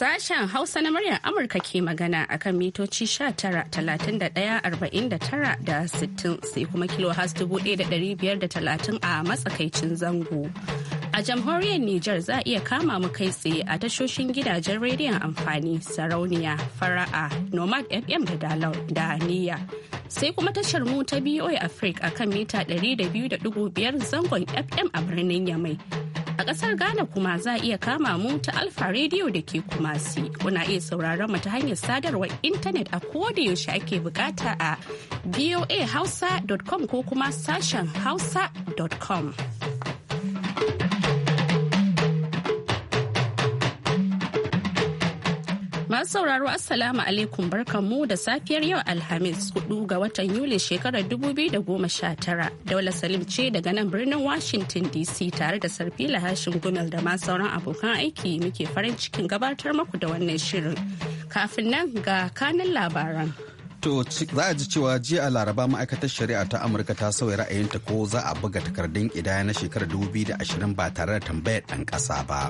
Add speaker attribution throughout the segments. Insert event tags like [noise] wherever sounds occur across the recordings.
Speaker 1: Sashen Hausa na muryar Amurka ke magana akan mitoci 19,31,49 da 60 sai kuma kilohas 1,530 a matsakaicin zango. A jamhuriyar Nijar za a iya kama mu kai tsaye a tashoshin gidajen rediyon amfani sarauniya fara'a nomad fm da dalau da niyya sai kuma tashar mu ta BOA Africa akan mita 200.5 zangon fm a birnin Yamai. A ƙasar Ghana kuma za a iya kama mu ta Alfa Radio da ke Kumasi. Kuna iya sauraron mu ta hanyar sadarwar intanet a koda yaushe ake bukata a voahausa.com ko kuma sashen hausa.com. Masu sauraro Assalamu alaikum barkanmu da safiyar yau Alhamis 4 ga watan Yuli shekarar 2019. Daula Salim ce daga nan birnin Washington DC tare da Sarfila Hashin Gumel da ma sauran abokan aiki muke farin cikin gabatar maku da wannan shirin. Kafin nan ga kanin labaran.
Speaker 2: To za a ji cewa jiya a laraba ma'aikatar shari'a ta Amurka ta sauya ra'ayinta ko za a buga takardun ƙidaya na shekarar 2020 ba tare da tambayar ɗan ƙasa ba.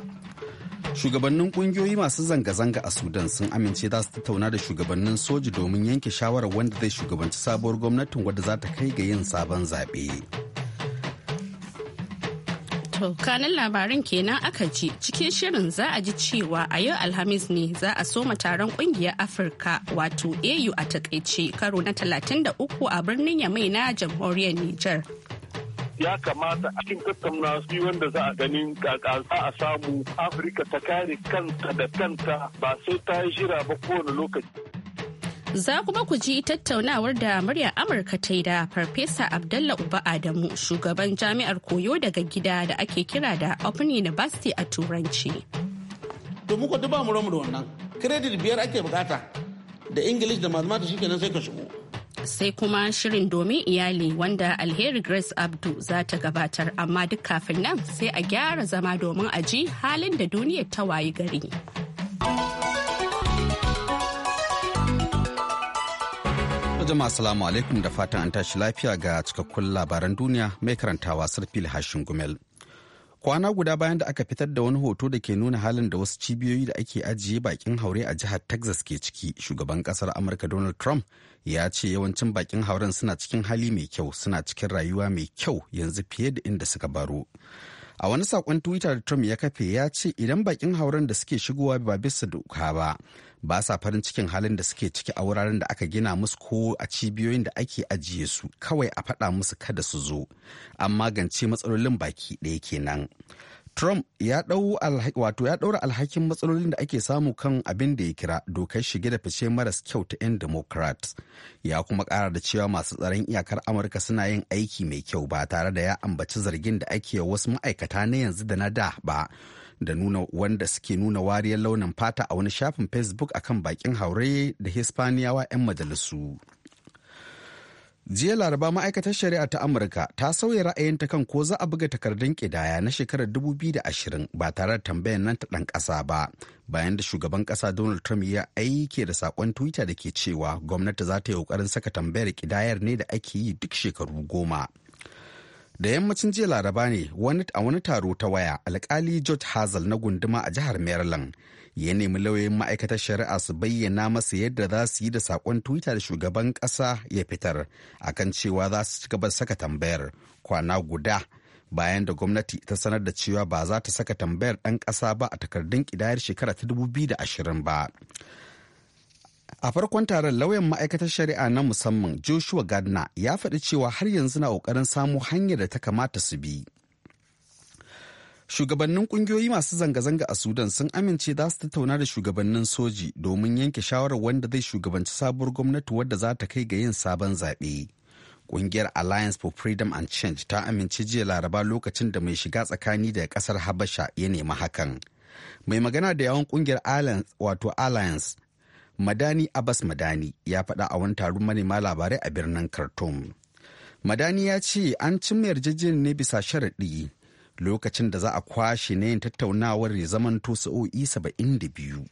Speaker 2: Shugabannin kungiyoyi masu zanga-zanga a Sudan sun amince za su tattauna da shugabannin soji domin yanke shawarar wanda zai shugabanci sabuwar gwamnatin wadda za ta kai ga yin sabon zaɓe.
Speaker 1: kanin labarin kenan aka ji cikin shirin za a ji cewa a yau Alhamis ne za a soma taron kungiyar Afirka wato AU a takaice karo na 33 a birnin Yamai na jamhuriyar Nijar.
Speaker 3: ya kamata a cikin tattauna su wanda za a ganin kaka a samu afirka ta kare kanta da kanta ba
Speaker 4: sai ta yi jira ba kowane lokaci
Speaker 1: Za kuma ku ji tattaunawar da murya Amurka ta yi da Farfesa Abdallah Uba Adamu, shugaban jami'ar koyo daga gida da ake kira da Open University a Turanci.
Speaker 5: Domin ku duba mu da wannan, kredit biyar ake bukata da English da mathematics shi kenan sai ka shigo.
Speaker 1: sai kuma shirin domin iyali wanda alheri grace abdu za ta gabatar amma duk kafin nan sai a gyara zama domin a ji halin da duniyar ta wayi gari
Speaker 2: jama'a salamu alaikum da fatan an tashi lafiya ga cikakkun labaran duniya mai karantawa sarfil hashin gumel kwana guda bayan da aka fitar da wani hoto da ke nuna halin da wasu cibiyoyi da ake ajiye bakin haure a jihar texas ke ciki shugaban kasar amurka donald trump ya ce yawancin bakin hauren suna cikin hali mai kyau suna cikin rayuwa mai kyau yanzu fiye da inda suka baro a wani saƙon twitter da trump ya kafe ya ce idan bakin hauren da suke shigowa ba bisa doka ba ba sa farin cikin halin da suke ciki a wuraren da aka gina musu ko a cibiyoyin da ake ajiye su kawai a faɗa musu kada su zo an magance matsalolin baki ɗaya kenan trump ya ya ɗaura alhakin matsalolin da ake samu kan abin da ya kira dokar shige da fice maras kyau ta 'yan democrat ya kuma ƙara da cewa masu tsaron iyakar amurka suna yin aiki mai kyau ba tare da ya ambaci zargin da ake wasu ma'aikata na yanzu da na da ba da nuna wanda suke nuna wariyar launin fata a wani shafin facebook akan bakin haure da hispaniyawa 'yan majalisu jiya laraba ma'aikatar shari'a ta amurka ta sauya ra'ayinta kan ko za a buga takardun kidaya na shekarar 2020 ba tare da tambayar nan ta ɗan ƙasa ba bayan da shugaban ƙasa donald trump ya aike da saƙon twitter da ke cewa gwamnati za ta yi ƙoƙarin saka tambayar kidayar ne da ake yi duk shekaru goma da yammacin jiya laraba ne a wani taro ta waya alkali george hazel na gunduma a jihar maryland ya nemi lauyoyin ma'aikatar shari'a su bayyana masa yadda za su yi da saƙon twitter da shugaban ƙasa ya fitar akan cewa za su ci gaba saka tambayar kwana guda bayan da gwamnati ta sanar da cewa ba za ta saka tambayar ɗan ƙasa ba a takardun ƙidayar shekara ta 2020 ba A farkon taron lauyan ma'aikatar shari'a na musamman Joshua Gardner ya faɗi cewa har yanzu na ƙoƙarin samo hanyar da ta kamata su bi. Shugabannin ƙungiyoyi masu zanga-zanga a Sudan sun amince za su tattauna da shugabannin soji domin yanke shawarar wanda zai shugabanci sabuwar gwamnati wadda za ta kai ga yin sabon zaɓe. Ƙungiyar Alliance for Freedom and Change ta amince jiya laraba lokacin da mai shiga tsakani daga ƙasar Habasha ya nemi hakan. Mai magana da yawon ƙungiyar Alliance wato Alliance Madani Abbas Madani ya faɗa a wani taron manema labarai a birnin Khartoum. Madani ya ce an cimma yarjejeniyar ne bisa sharaɗi lokacin da za a kwashe na yin tattaunawar ya zamanto sa'o'i saba'in da biyu.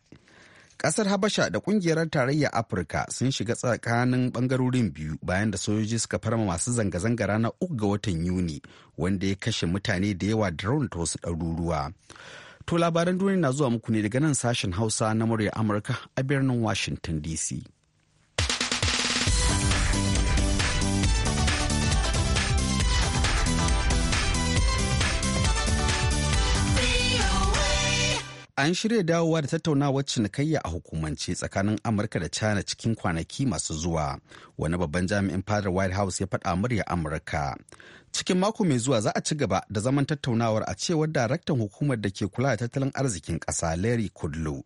Speaker 2: Ƙasar Habasha da ƙungiyar tarayyar Afirka sun shiga tsakanin ɓangarorin biyu bayan da sojoji suka farma masu zanga-zanga ranar uku ga watan Yuni wanda ya kashe mutane da yawa da wasu ɗaruruwa. To labaran duniya na zuwa muku ne daga nan sashen Hausa na murya Amurka a birnin Washington DC. an shirya dawowa da tattaunawar cinikayya a hukumance tsakanin amurka da china cikin kwanaki masu zuwa wani babban jami'in fadar white house ya faɗa murya amurka cikin mako mai zuwa za a ci gaba da zaman tattaunawar a cewar daraktan hukumar da ke kula da tattalin arzikin ƙasa larry kudlow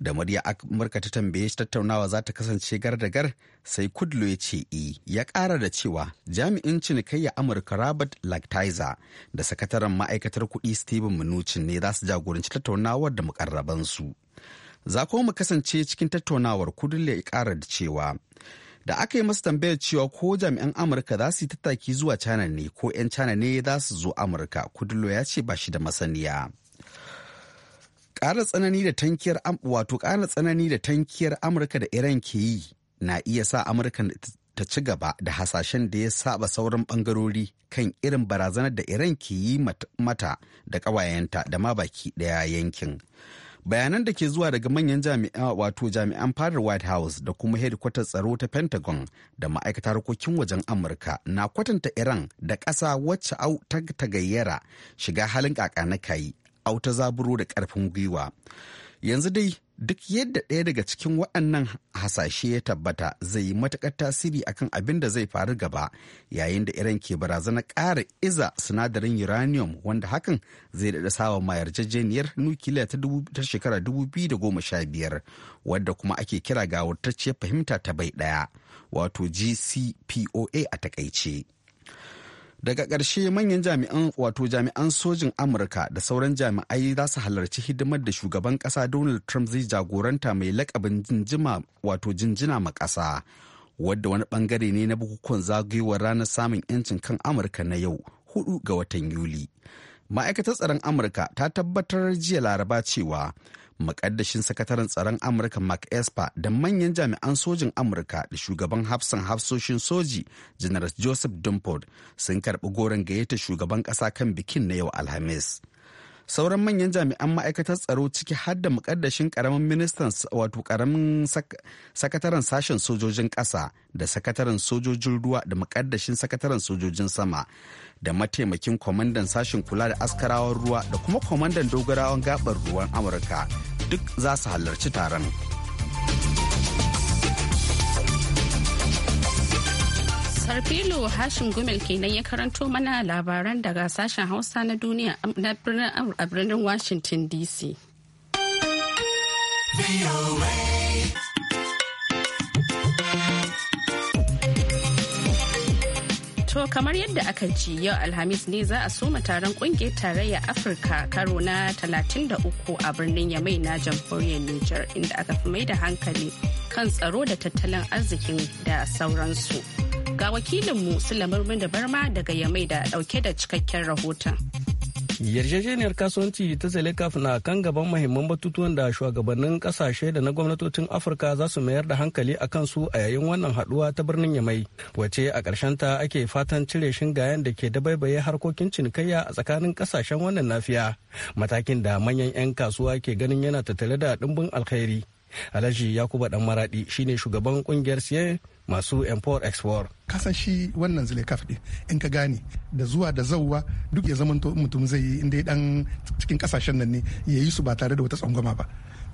Speaker 2: da murya amurka ta tambaye shi tattaunawa za ta kasance gar da gar sai kudlo ya ce e ya kara da cewa jami'in cinikayya amurka robert lactizer da sakataren ma'aikatar kuɗi steven mnuchin ne za su jagoranci tattaunawar da mukarrabansu za kuma mu kasance cikin tattaunawar kudlo ya kara da cewa da aka yi masa tambayar cewa ko jami'an amurka za su yi tattaki zuwa china ne ko 'yan china ne za su zo amurka kudlo ya ce ba shi da masaniya ƙara tsanani da tankiyar wato ƙara tsanani da tankiyar amurka da iran ke yi na iya sa amurka ta ci gaba da hasashen da ya saba sauran bangarori kan irin barazanar da iran ke yi mata da ƙawayenta da ma baki ɗaya yankin bayanan da ke zuwa daga manyan jami'a wato jami'an fadar white house da kuma hedikwatar tsaro ta pentagon da ma'aikatar harkokin wajen amurka na kwatanta iran da ƙasa wacce au ta gayyara shiga halin kaka na kayi auta zaburo da karfin gwiwa yanzu dai duk yadda ɗaya daga cikin waɗannan hasashe ya tabbata zai yi matuƙar tasiri a kan abin da zai faru gaba yayin da iran ke barazana ƙara iza sinadarin uranium wanda hakan zai daɗa sawa ma yarjejeniyar nukiliya ta shekara 2015 wadda kuma ake kira ga fahimta ta bai ɗaya wato gcpoa a takaice. daga ƙarshe manyan jami'an wato jami'an sojin amurka da sauran jami'ai za su halarci hidimar da shugaban ƙasa donald trump zai jagoranta mai lakabin jinjima wato jinjina ma ƙasa wadda wani bangare ne na bukukuwan zagayowar ranar samun 'yancin kan amurka na yau hudu ga watan yuli ma'aikatar tsaron amurka ta tabbatar jiya laraba cewa mukaddashin sakataren tsaron amurka mark esper da manyan jami'an sojin amurka da shugaban hafsan hafsoshin soji general joseph dunford sun karɓi goron gayyata shugaban ƙasa kan bikin na yau alhamis sauran manyan jami'an ma'aikatar tsaro ciki har da mukaddashin karamin ministan wato karamin sakataren sashen sojojin ƙasa da sakataren sojojin ruwa da mukaddashin sakataren sojojin sama da mataimakin kwamandan sashen kula da askarawar ruwa da kuma kwamandan dogarawan gabar ruwan amurka duk za su halarci taron.
Speaker 1: filo Hashim Gumel kenan ya karanto mana labaran daga sashen Hausa na duniya na birnin Washington DC. To kamar yadda aka ji yau Alhamis ne za a soma taron kungiyar tarayya Afirka karo na 33 a birnin Yamai na jamhuriyar Nijar inda aka fi mai da hankali kan tsaro da tattalin arzikin da sauransu. Ga wakilinmu Sulamar da Barma daga Yamai da ɗauke da cikakken rahoton.
Speaker 3: yarjejeniyar kasuwanci ta zelekaf na kan gaban mahimman batutuwan da shugabannin kasashe da na gwamnatocin afirka za su mayar da hankali a kansu a yayin wannan haduwa ta birnin yamai wace a ta ake fatan cire shingayen da ke dabaibaye harkokin cinikayya a tsakanin kasashen wannan nafiya matakin da manyan 'yan kasuwa ke ganin yana tattare da dimbin alkhairi alhaji yakuba dan maradi shine shugaban kungiyar siye masu import export
Speaker 5: kasan shi wannan zile kaf din in ka gane da zuwa da zauwa duk ya zamanto mutum zai yi inda dan cikin kasashen nan ne ya yi su ba tare da wata tsangwama ba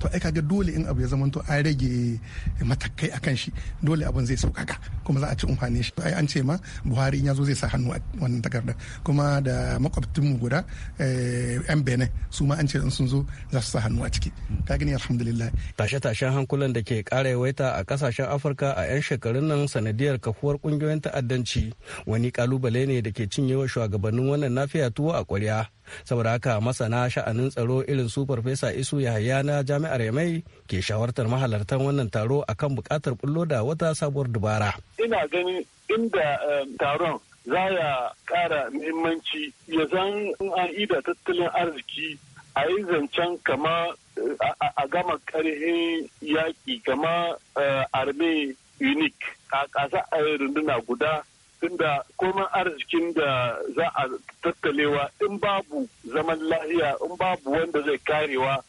Speaker 5: to ai kaga dole in abu ya zama to an rage matakai akan shi dole abin zai saukaka kuma za a ci umfane shi ai an ce ma buhari in ya zai sa hannu a wannan takardar kuma da mu guda eh, yan bene su ma an ce in sun zo za su sa hannu a ciki ka gani alhamdulillah
Speaker 3: tashe-tashen hankulan da ke kara yawaita a kasashen afirka a 'yan shekarun nan sanadiyar kafuwar kungiyoyin ta'addanci wani kalubale ne da ke cinyewa shugabannin wannan nafiya tuwo a kwarya saboda haka masana sha'anin tsaro irin su farfesa isu yahaya na jami'ar yamai ke shawartar mahalartan wannan taro a kan bukatar bullo da wata sabuwar dubara ina ganin inda eh, taron za ya kara muhimmanci ya zan an ida tattalin arziki a yi zancen kama eh, a gama karihin yaƙi kama eh, arme unique a ƙasa a runduna guda tunda komai arzikin da za a tattalewa in babu zaman lahiya in babu wanda zai karewa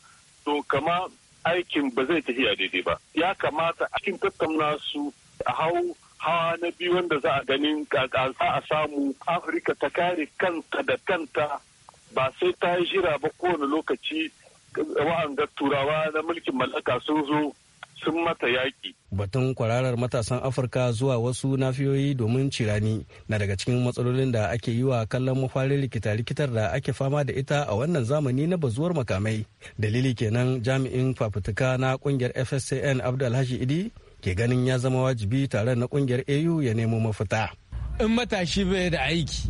Speaker 3: to kama aikin ba zai tafiya daidai ba ya kamata a cikin tattauna su a hau hawa na biyu wanda za a ganin kaka za a samu afirka ta kare kanta da kanta ba sai ta yi jira ba kowane lokaci wa'anga turawa na mulkin mallaka sun zo sun mata yaƙi. Batun kwararar matasan Afirka zuwa wasu nafiyoyi domin cirani na daga cikin matsalolin da ake yi wa kallon mafarin likita-likitar da ake fama da ita a wannan zamani na bazuwar makamai. Dalili kenan jami'in fafutuka na ƙungiyar FSCN Abdulhashi Idi ke ganin ya zama wajibi tare na kungiyar AU ya nemo mafita.
Speaker 5: In matashi bai da aiki,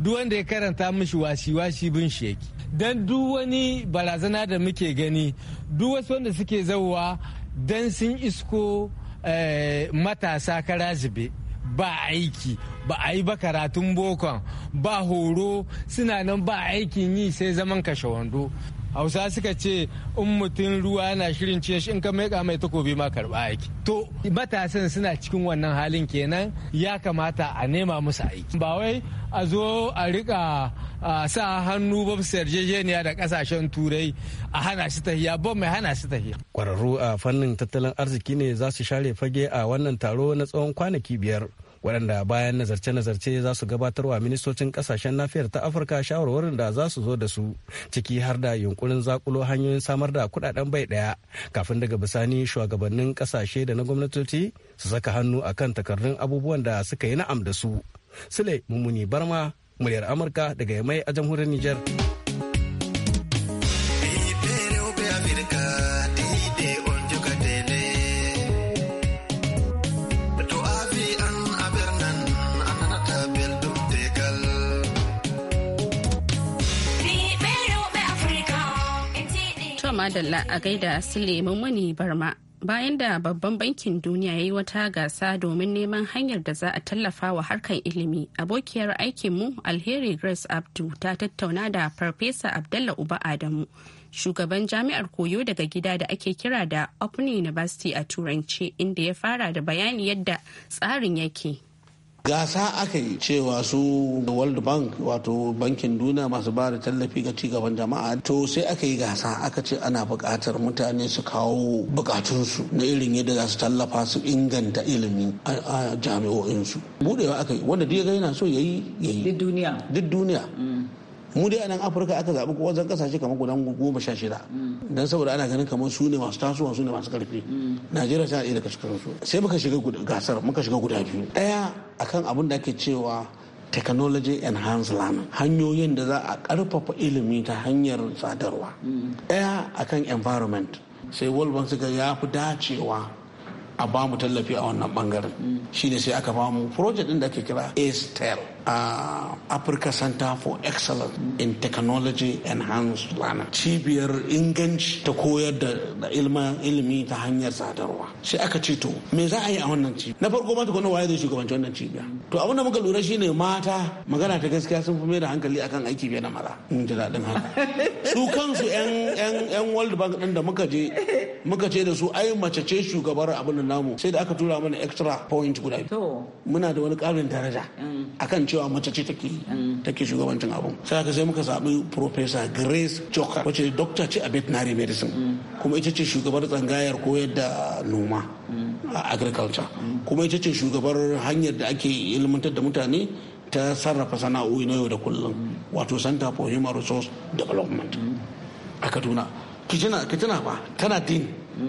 Speaker 5: duk wanda ya karanta mishi washi-washi bin shi yake. Don duk wani barazana da muke gani, duk wasu wanda suke zauwa don sun isko eh, matasa kara zube ba aiki ba a yi ba karatun bokon ba horo suna nan ba aikin yi sai zaman kashe wando hausa suka ce in mutum ruwa na shirin ce shi in ka maika mai takobi ma karba aiki to matasan suna cikin wannan halin kenan ya kamata a nema musu aiki ba wai a zo a rika sa hannu ba su yarjejeniya da kasashen turai a hana shi tahiya ba mai hana su tahiya
Speaker 3: kwararru a fannin tattalin arziki ne za su share fage a wannan taro na tsawon kwanaki biyar waɗanda bayan nazarce-nazarce za su gabatarwa ministocin ƙasashen nafiyar ta afirka shawarwarin da za su zo da su ciki har da yunkurin zakulo hanyoyin samar da kuɗaɗen bai ɗaya kafin daga bisani shugabannin ƙasashe da na gwamnatoci su saka hannu a kan takardun abubuwan da suka yi na'am da su sule mummuni barma muryar amurka daga yamai a jamhuriyar nijar.
Speaker 1: madalla a gaida sule mummuni barma bayan da babban bankin duniya ya yi wata gasa domin neman hanyar da za a tallafa wa harkar ilimi abokiyar aikinmu alheri grace abdu ta tattauna da farfesa Abdalla uba adamu shugaban jami'ar koyo daga gida da ake kira da open university a turanci inda ya fara da bayani yadda tsarin yake gasa
Speaker 5: aka yi cewa su world bank wato bankin duniya masu ba da tallafi ga cigaban jama'a to sai aka yi gasa aka ce ana buƙatar mutane su kawo buƙatunsu na irin yadda za su tallafa su inganta ilimi a jami'o'insu budewa aka yi wanda duk yana so ya yi ya yi duk duniya mm. mu dai a nan afirka aka zaɓi ko wajen ƙasashe kamar guda goma sha shida mm. don saboda ana ganin kamar su ne masu tasowa su ne masu ƙarfi mm. najeriya tana ɗaya daga cikin su sai muka shiga gasar muka shiga guda biyu ɗaya akan abin da ake cewa technology enhanced learning hanyoyin da za a karfafa ilimi ta hanyar sadarwa mm. ɗaya akan environment sai world bank suka ya fi dacewa a bamu tallafi a wannan bangaren shine sai aka bamu project ɗin da ake kira estel uh, Africa Center for Excellence in Technology Enhanced Learning. Cibiyar inganci ta koyar da ilimi ta hanyar sadarwa. Sai aka ce to me za a yi a wannan cibiya? Na farko ma tukuna waye zai shugabanci wannan cibiya. To abin da muka lura shine mata magana ta gaskiya sun fi mai da hankali akan aiki biya na mara. Mun ji daɗin haka. [laughs] Su kansu 'yan World Bank ɗin da muka je muka ce da su ai mace ce shugabar abin da namu sai da aka tura mana extra point guda biyu. Muna da wani ƙarin daraja mm. akan cewa mace ce take take shugabancin abu sai aka sai muka zaɓi professor grace joker wacce doctor ce a veterinary medicine kuma ita ce shugabar tsangayar koyar da noma a agriculture kuma ita ce shugabar hanyar da ake ilmantar da mutane ta sarrafa sana'o'i na yau da kullum wato center for human resource development a kaduna kitina ba tana din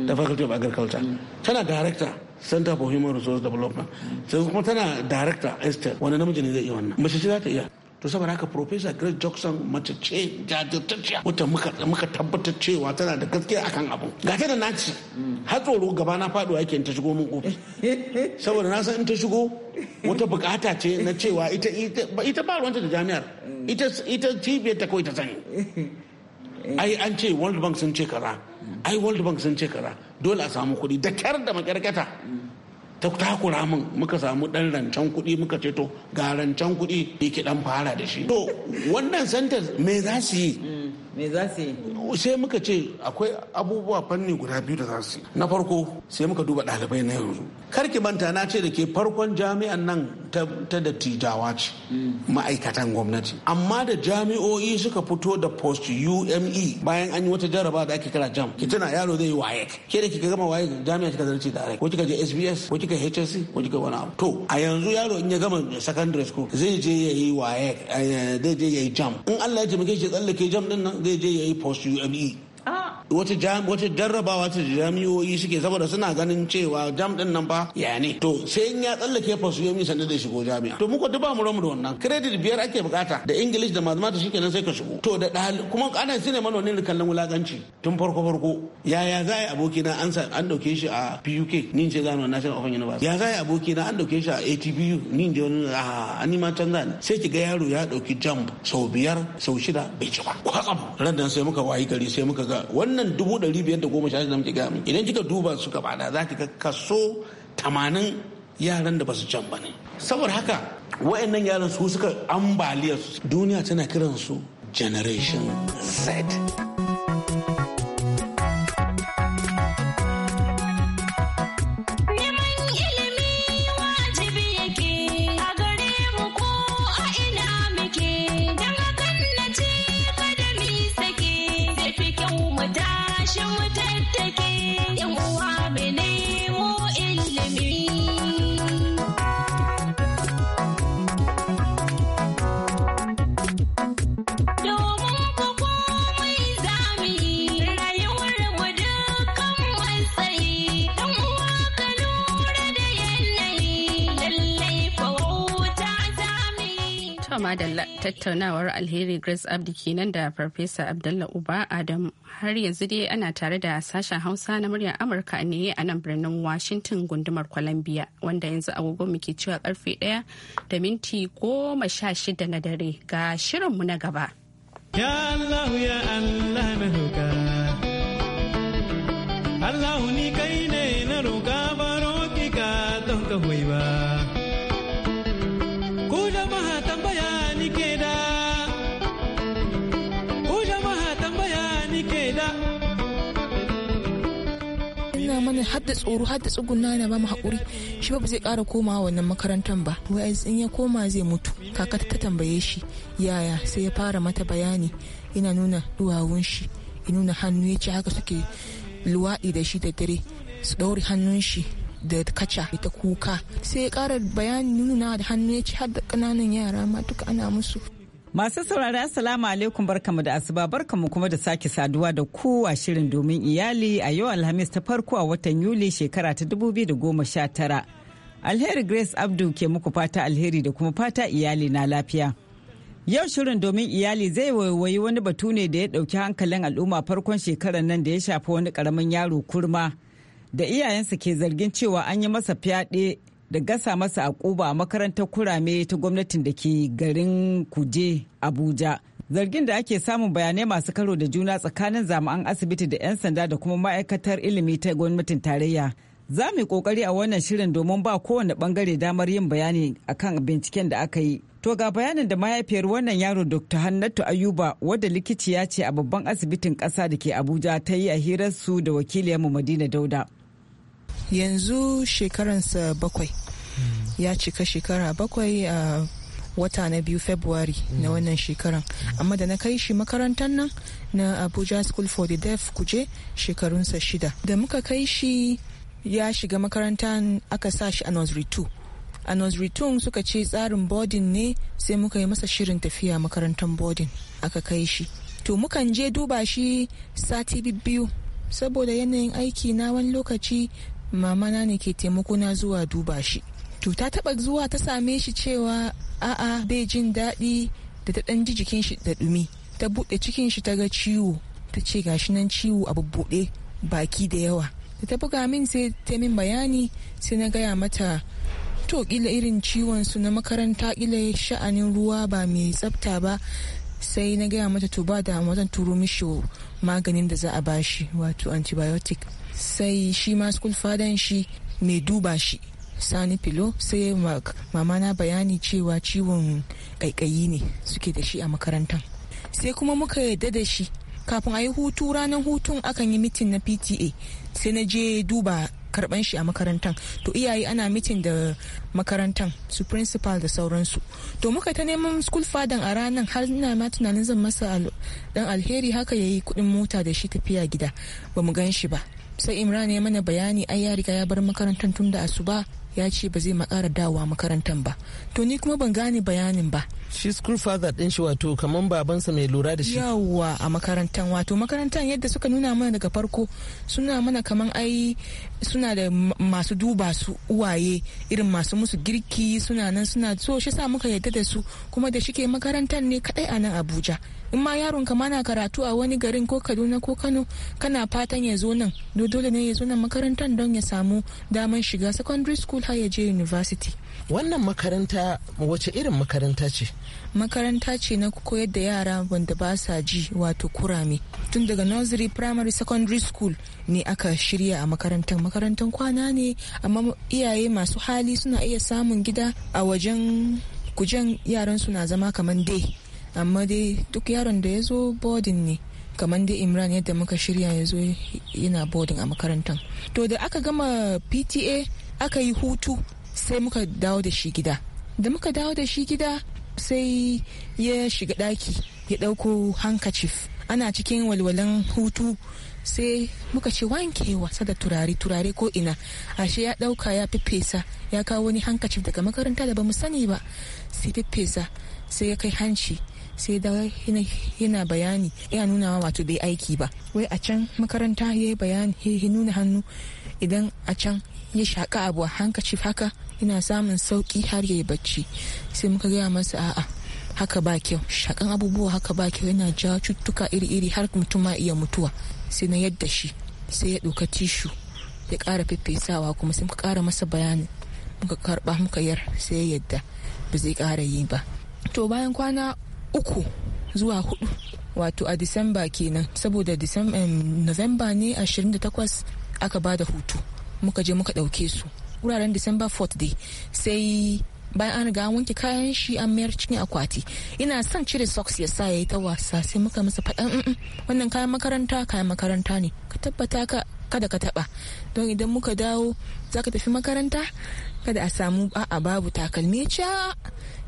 Speaker 5: da faculty of agriculture tana director center for human resource development sai kuma tana director estel wani namiji ne zai iya wannan mace ce za ta iya to saboda haka professor greg jackson mace ce jajirtacciya wata muka tabbatar cewa tana da gaskiya akan abu ga ta da naci har tsoro gaba na faduwa yake ta shigo min kofi [laughs] saboda na san in ta shigo wata bukata ce na cewa ita ita ba ruwanta da jami'ar ita cibiyar ta kawai ta sani [laughs] ai an ce world bank sun ce kaza ai world bank sun ce kara dole a samu kuɗi da kyar da makyarkata ta takura min muka samu ɗan rancen kuɗi muka ce to ga rancen kuɗi yake dan fara da shi to wannan center me za su yi mm,
Speaker 4: me za su yi
Speaker 5: sai muka ce akwai abubuwa fanni guda biyu da za su yi na farko sai muka duba ɗalibai na yanzu kar ki manta na ce da ke farkon jami'an nan ta dattijawa ce hmm. ma'aikatan gwamnati amma da jami'o'i suka fito da post ume bayan an yi wata jaraba da ake kira jam ki tana yaro zai yi waye ke da kika gama waye jami'a kika zarce da aiki ko kika je sbs ko kika hsc ko kika wani abu to a yanzu yaro in ya gama secondary school zai je ya yi waye eh, zai je ya yi jam in allah ya taimake shi tsallake jam din nan zai je ya yi post ume wata jarrabawa ta jami'o'i suke saboda suna ganin cewa jam din nan ba ya ne to sai in ya tsallake fasuyomi sannan da shigo jami'a to muka duba mu ramu da wannan credit biyar ake bukata da english da mathematics shi kenan sai ka shigo to da kuma ana sine manonin kallon wulakanci tun farko farko yaya za a yi abokina an an dauke shi a puk ni ce gano national open university ya za a yi abokina an dauke shi a atbu ni je wani a ni ma canza ne sai ki ga yaro ya dauki jam sau biyar sau shida bai ci ba kwatsam ran sai muka wayi gari sai muka ga wannan nan dubu ɗari biyar da goma sha shida muke gami idan kika duba su gaba da za ki ga kaso tamanin yaran da ba su can ba ne saboda haka wayannan yaran su suka ambaliyar duniya tana kiransu generation
Speaker 6: z
Speaker 1: tattaunawar alheri grace abdi kenan da farfesa abdullah uba adam har yanzu dai ana tare da sashen hausa na muryar amurka ne a nan birnin washington gundumar columbia wanda yanzu agogo muke cewa karfe daya da minti goma sha shida na dare ga shirinmu na gaba
Speaker 3: ya allah ya allah na roka allahu ni kai ne na roka baro ki ka don ka ba
Speaker 6: har da tsoro har da tsuguna yana ba mu haƙuri shi ba zai ƙara komawa wannan makarantar ba wai in ya koma zai mutu kaka ta tambaye shi yaya sai ya fara mata bayani yana nuna duwawun shi ya nuna hannu ya haka suke luwaɗi da shi da dare su ɗaure hannun shi da kaca ta kuka sai ya ƙara bayani nuna da hannu ya ce har da ƙananan yara ma duka ana musu
Speaker 4: Masu saurari Assalamu alaikum barkamu da asuba barkamu kuma da sake saduwa da kowa shirin domin iyali a yau Alhamis ta farko a watan Yuli shekara ta 2019. Alheri Grace Abdu ke muku fata alheri da kuma fata iyali na lafiya. Yau shirin domin iyali zai waiwayi wani batu ne da ya ɗauki hankalin al'umma farkon shekarar nan da ya shafi wani ƙaramin yaro kurma da iyayensa ke zargin cewa an yi masa fyaɗe da gasa masa a ƙuba a makarantar kurame ta gwamnatin da ke garin kuje abuja zargin da ake samun bayanai masu karo da juna tsakanin zama'an asibiti da 'yan sanda da kuma ma'aikatar ilimi ta gwamnatin tarayya za mu yi kokari a wannan shirin domin ba kowane bangare damar yin bayani akan binciken da aka yi to ga bayanin da mahaifiyar wannan yaro dr hannatu ayuba wadda likiciya ce a babban asibitin ƙasa da ke abuja ta yi a hirarsu da wakiliyarmu madina dauda
Speaker 6: yanzu shekaransa bakwai hmm. ya cika shekara bakwai a wata na biyu february na hmm. wannan shekaran amma da na kai shi makarantar nan na abuja school for the deaf kuje shekarunsa shida da muka kai shi ya shiga makaranta aka sa shi a nursery 2 a nursery 2 suka ce tsarin boarding ne sai muka yi masa shirin tafiya makarantar boarding aka kai shi to mukan je duba shi sati biyu saboda yanayin aiki na wani lokaci mamana ne ke taimako na zuwa duba shi to ta taba zuwa ta same shi cewa a'a bai jin daɗi da ta ɗan ji jikin shi da ɗumi ta buɗe cikin shi ta ga ciwo ta ce gashi nan ciwo a bubbuɗe baki da yawa da ta buga min sai ta min bayani sai na gaya mata to kila irin ciwon su na makaranta kila sha'anin ruwa ba mai tsafta ba sai na gaya mata to ba da mazan turo mishi maganin da za a bashi wato antibiotic sai shi ma school fadan shi mai duba shi sani filo sai mama na bayani cewa ciwon ƙaiƙayi ne suke da shi a makarantar sai kuma muka yadda da shi kafin a yi hutu ranar hutun akan yi mitin na pta sai na je duba karban shi a makarantar to iyaye ana mitin da makarantar su principal da sauransu to muka ta neman school fadan a ranar har ina ma tunanin zan masa dan alheri haka ya yi kudin mota da shi tafiya gida ba mu gan shi ba sai imran ya mana bayani ai ya riga ya bar makarantar tun da asuba ya ce ba zai makara dawa makarantar ba to ni kuma ban gane bayanin ba shi school father din shi wato kaman babansa mai lura da shi yawa a makarantar wato makarantar yadda suka nuna mana daga farko suna mana kaman ai suna da masu duba su uwaye irin masu musu girki suna nan suna so shi sa muka yadda da su kuma da shike makarantar ne kadai a nan abuja in ma yaron ka mana karatu a wani garin ko kaduna ko kano kana fatan ya zo nan dole ne ya zo nan makarantar don ya samu daman shiga secondary school har ya je university wannan makaranta wace irin makaranta ce makaranta ce na koyar da yara wanda ba sa ji wato kurame tun daga nursery primary secondary school ne aka shirya a makarantar makarantar kwana ne amma iyaye masu hali suna iya samun gida a wajen kujen yaran suna zama kamar dai amma dai duk yaron da ya zo bodin ne kamar dai imran yadda muka shirya ya zo yana bodin a makarantar to da aka gama pta aka yi hutu sai muka dawo da shi gida da muka dawo da shi gida sai ya shiga ɗaki ya ɗauko handkerchief ana cikin walwalan hutu sai muka ce wanke wasa da turare turare ko ina ashe ya ɗauka ya feffesa ya kawo wani hankacif daga makaranta da ba mu sani ba sai feffesa sai ya kai hanci sai da yana bayani ya nuna wa wato bai aiki ba wai a can makaranta ya yi bayani ya nuna hannu idan a can ya shaƙa abu a hankaci haka ina samun sauki har ya yi bacci sai muka gaya masa a'a haka ba kyau shakan abubuwa haka ba kyau yana jawo cututtuka iri-iri har mutum ma iya mutuwa sai na yadda shi sai ya ɗauka tishu ya ƙara fefesawa kuma sai muka ƙara masa bayani muka karɓa muka yar sai ya yadda ba zai ƙara yi ba to bayan kwana uku zuwa hudu wato a disamba kenan saboda november ne 28 aka ba da hutu muka je muka dauke su wuraren disamba 4th day sai bayan an riga wanke kayan shi an mayar cikin akwati ina son cire socks ya sa ya yi ta wasa sai muka masa faɗan mm, mm, wannan kayan makaranta kayan makaranta ne ka tabbata ka kada ka taba don idan muka dawo za ka tafi makaranta kada a samu a babu takalmi ca.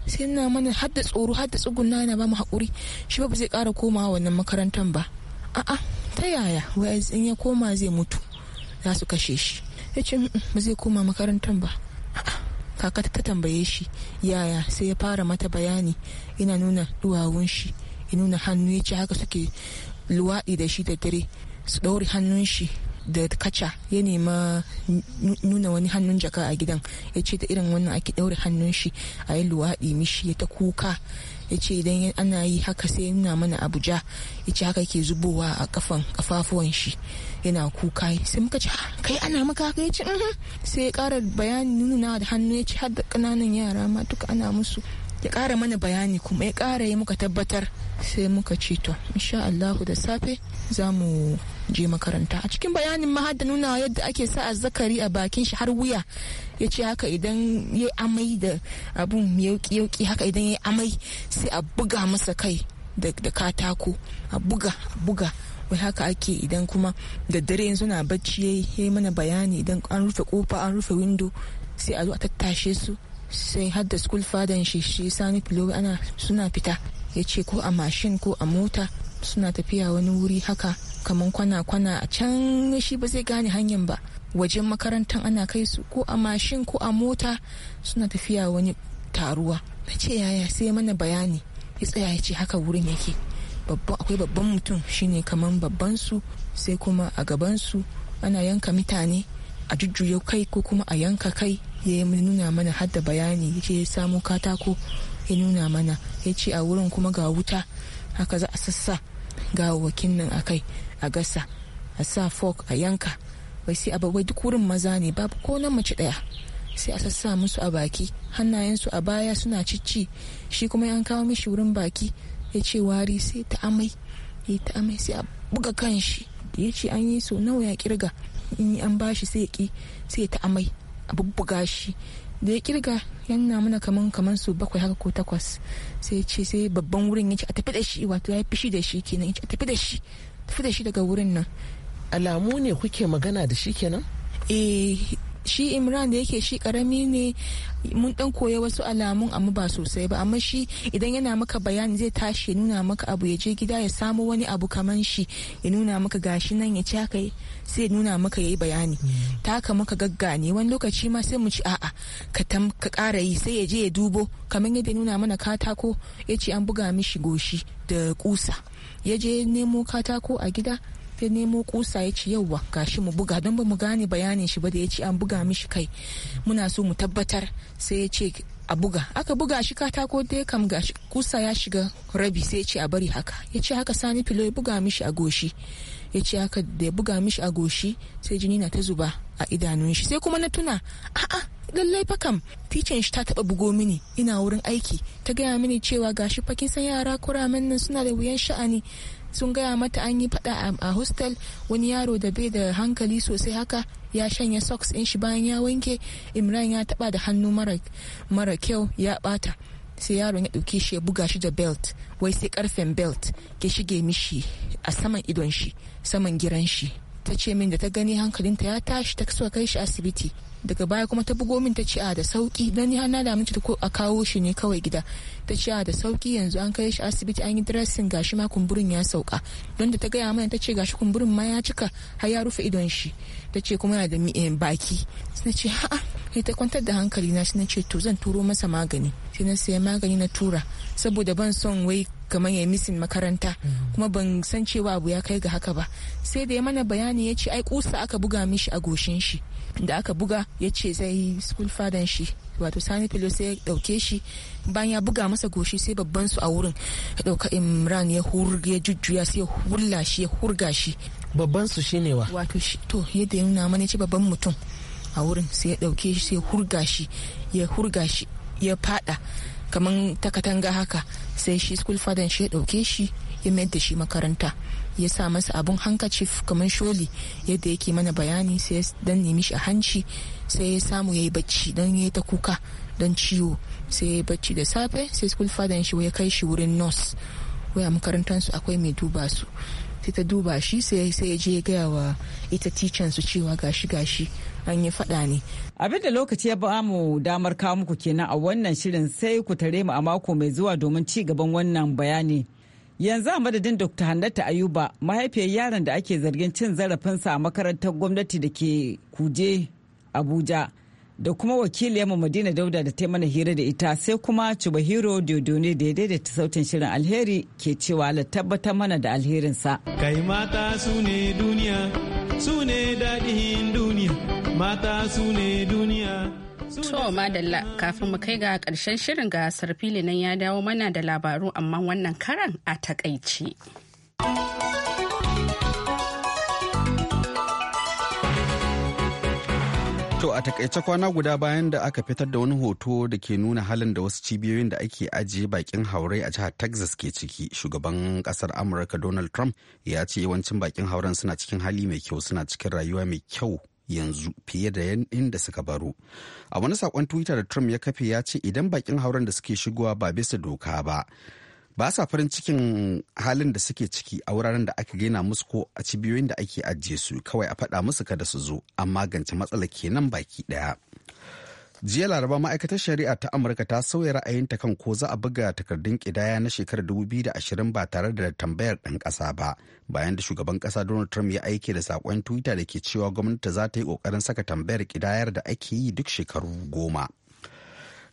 Speaker 6: sai na mana hadda tsoro hadda tsuguna yana ba mu haƙuri shi ba zai ƙara komawa wannan makarantar ba a'a ta yaya waya in ya koma zai mutu za su kashe shi ya ce ba zai koma makarantar ba kaka ta tambaye shi yaya sai ya fara mata bayani ina nuna duwawun shi ya nuna hannu ya ce haka suke luwaɗi da shi da dare su ɗaure hannun shi da kaca ya nema nuna wani hannun jaka a gidan ya ce da irin wannan ake ɗaure hannun shi a yi luwaɗi mishi ya ta kuka ya ce idan ana yi haka sai nuna mana abuja ya ce haka ke zubowa a kafan kafafuwan shi yana kuka sai muka ce ah, kai ana maka ya ce sai ya ƙara bayani nuna da hannu ya ce har da ƙananan yara ma duka ana musu ya ƙara mana bayani kuma ya kara ya muka tabbatar sai muka ce to insha Allahu da safe za mu je makaranta a cikin bayanin ma har da nuna yadda ake sa zakari a bakin shi har wuya ya ce haka idan ya amai da abun yauki yauki haka idan ya amai sai a buga masa kai da katako a buga a buga wai haka ake idan kuma da dare na bacci ya yi mana bayani idan an rufe kofa an rufe windo sai a zo a tattashe su sai har da school fadan shi shi sani filo ana suna fita ya ce ko a mashin ko a mota suna tafiya wani wuri haka kamar kwana-kwana a can shi ba zai gane hanyar ba wajen makarantar ana kai su ko a mashin ko a mota suna tafiya wani taruwa na ce yaya sai mana bayani ya tsaya ya ce haka wurin yake akwai babban mutum shine kamar babban su sai kuma a gaban su ana yanka mutane a jujjuya kai ko kuma a yanka kai ya nuna mana hadda bayani ya ce ya samo katako ya nuna mana ya ce a wurin kuma ga wuta haka za a sassa gawawakin nan a kai a gasa a sa fork a yanka bai sai wai duk wurin maza ne babu ko nan mace daya sai a sassa musu a baki hannayensu a baya suna cicci shi kuma an kawo mishi wurin baki ya ce wari sai ta amai ya ta amai sai a buga kan shi ya ce an yi so nawa ya kirga in an bashi sai ya ki sai ta amai a bubbuga shi da ya kirga yana mana kaman kaman su bakwai haka ko takwas sai ce sai babban wurin ya ce a tafi da shi wato ya fishi da shi kenan ya ce a tafi da shi tafi da shi daga wurin nan alamu ne kuke magana da shi kenan eh shi imran da yake shi karami ne mun dan koya wasu alamun amma ba sosai ba amma shi idan yana maka bayani zai tashi ya nuna maka abu ya je gida ya samo wani abu kaman shi ya nuna maka gashi nan ya ci haka sai ya nuna maka yayi bayani ta haka maka gaggane wani lokaci ma sai mu ci a'a ka tam ka kara yi sai ya je ya dubo kaman yadda ya nuna mana katako ya ce an buga mishi goshi da kusa ya je nemo katako a gida ya nemo kusa ya ce yauwa gashi mu buga don ba mu gane bayanin shi ba da ya ce an buga mishi kai muna so mu tabbatar sai ya ce a buga aka buga shi katako dai kam gashi kusa ya shiga rabi sai ya ce a bari haka ya ce haka sani filo ya buga mishi a goshi ya ce haka da ya buga mishi a goshi sai jini na ta zuba a idanun shi sai kuma na tuna a'a lallai fa kam ticin shi ta taba bugo mini ina wurin aiki ta gaya mini cewa gashi fakin san yara kuramen nan suna da wuyan sha'ani sun gaya mata an yi fada a hostel wani yaro da bai da hankali sosai haka ya shanya socks in shi bayan ya wanke imran ya taba da hannu mara kyau ya bata sai yaron ya ɗauke shi ya buga shi da belt wai sai karfen belt ke shige mishi a saman idon shi saman giran shi ta ce min da ta gani hankalinta ya tashi ta so kai shi asibiti daga baya kuma ta bugo min ta ce a da sauki don ni hana da ta ko a kawo shi ne kawai gida ta ce a da sauki yanzu an kai shi asibiti an yi dressing gashi ma kumburin ya sauka don da ta gaya mana ta ce gashi kumburin ma ya cika har ya rufe idon shi ta ce kuma yana da eh, baki na ce ha'a sai ta kwantar da hankali na shi na ce to zan turo masa magani sai na sayi magani na tura saboda ban son wai kamar ya misin makaranta mm. kuma ban san cewa abu ya kai ga haka ba sai da ya mana bayani ya ce ai kusa aka buga mishi a goshin shi da aka buga ya ce zai school fadan shi wato sani filo sai ya dauke shi bayan ya buga masa goshi sai babban su a wurin ya dauka imran ya hurga ya jujjuya sai ya hurla shi ya hurga shi babban su shine wa wato shi to yadda ya nuna mana ce babban mutum a wurin sai ya dauke shi sai ya hurga shi ya hurga shi ya fada kamar ta katanga haka sai shi school father shi ya dauke shi ya mayar da shi makaranta ya sa masa abun hankacif kamar sholi yadda yake mana bayani sai dan nemi shi a hanci sai ya samu ya yi bacci don ya ta kuka don ciwo sai ya bacci da safe sai school father shi ya kai shi wurin nurse waya makarantar su akwai mai duba su sai ta duba shi sai ya je ya gaya wa ita tican su cewa gashi gashi an yi faɗa ne.
Speaker 4: Abin da lokaci ya ba mu damar kawo muku kenan a wannan shirin sai ku tare mu a mako mai zuwa domin ci gaban wannan bayani. Yanzu a madadin Dr. Hannatu Ayuba mahaifiyar yaron da ake zargin cin zarafinsa a makarantar gwamnati da ke Kuje Abuja da kuma wakili wakiliyarmu Madina Dauda da ta mana hira da ita sai kuma Chubahiro Dodone da ya daidaita sautin shirin alheri ke cewa la tabbatar mana da alherinsa. Kai
Speaker 3: mata su ne duniya, su ne daɗin duniya. mata
Speaker 1: su ne duniya To madalla kafin mu kai ga ƙarshen shirin ga sarfili nan ya dawo mana da labaru amma wannan karan a takaice.
Speaker 2: To a takaice kwana guda bayan da aka fitar da wani hoto da ke nuna halin da wasu cibiyoyin da ake ajiye bakin haurai a jihar Texas ke ciki, shugaban kasar Amurka Donald Trump ya ce yawancin bakin hauran suna cikin hali mai kyau suna cikin rayuwa mai kyau yanzu fiye da inda suka baro a wani sakon twitter da trump ya kafe ya ce idan bakin hauren da suke shigowa ba bisa doka ba ba sa farin cikin halin da suke ciki a wuraren da aka gina musu ko a cibiyoyin da ake ajiye su kawai a faɗa musu kada su zo an magance matsala kenan baki ɗaya. jiya laraba ma'aikatar shari'a ta amurka ta sauya ra'ayinta kan ko za a buga takardun kidaya na shekarar 2020 ba tare da tambayar ɗan ƙasa ba bayan da shugaban ƙasa donald trump ya aike da saƙon twitter da ke cewa gwamnati za ta yi ƙoƙarin saka tambayar kidayar da ake yi duk shekaru goma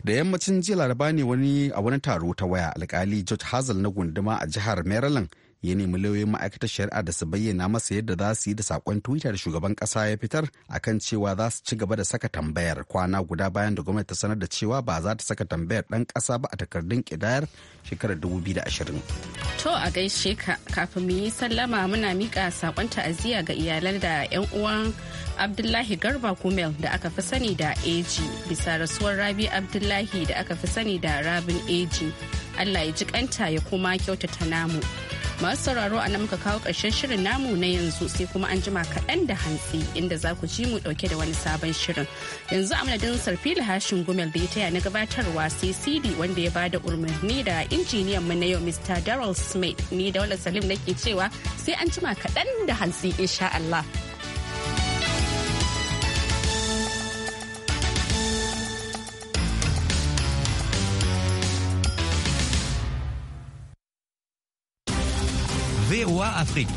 Speaker 2: da yammacin jiya laraba ne wani a wani taro ta waya alkali george hazel na gunduma a jihar maryland ya nemi lauyoyin ma'aikatar shari'a da su bayyana masa yadda za su yi da sakon twitter shugaban ƙasa ya fitar akan cewa za su ci gaba da saka tambayar kwana guda bayan da gwamnati ta sanar da cewa ba za ta saka tambayar ɗan ƙasa ba a takardun kidayar shekarar dubu da ashirin.
Speaker 1: To a gaishe ka kafin mu yi sallama muna mika sakon ta'aziyya ga iyalan da 'yan uwan Abdullahi Garba Gumel da aka fi sani da AG bisa rasuwar Rabi Abdullahi da aka fi sani da Rabin AG. Allah ya ji kanta ya kuma kyautata namu. masu sauraro a nan muka kawo karshen shirin namu na yanzu sai kuma an jima kaɗan da hantsi inda za ku ji mu ɗauke da wani sabon shirin yanzu a madadin sarfila hashin gumel da ya taya na gabatarwa sai cd wanda ya bada umarni da injiniyan mu na yau mr daryl smith ni da wala salim nake cewa sai an jima kaɗan da hantsi insha allah.
Speaker 4: VOA Afrique.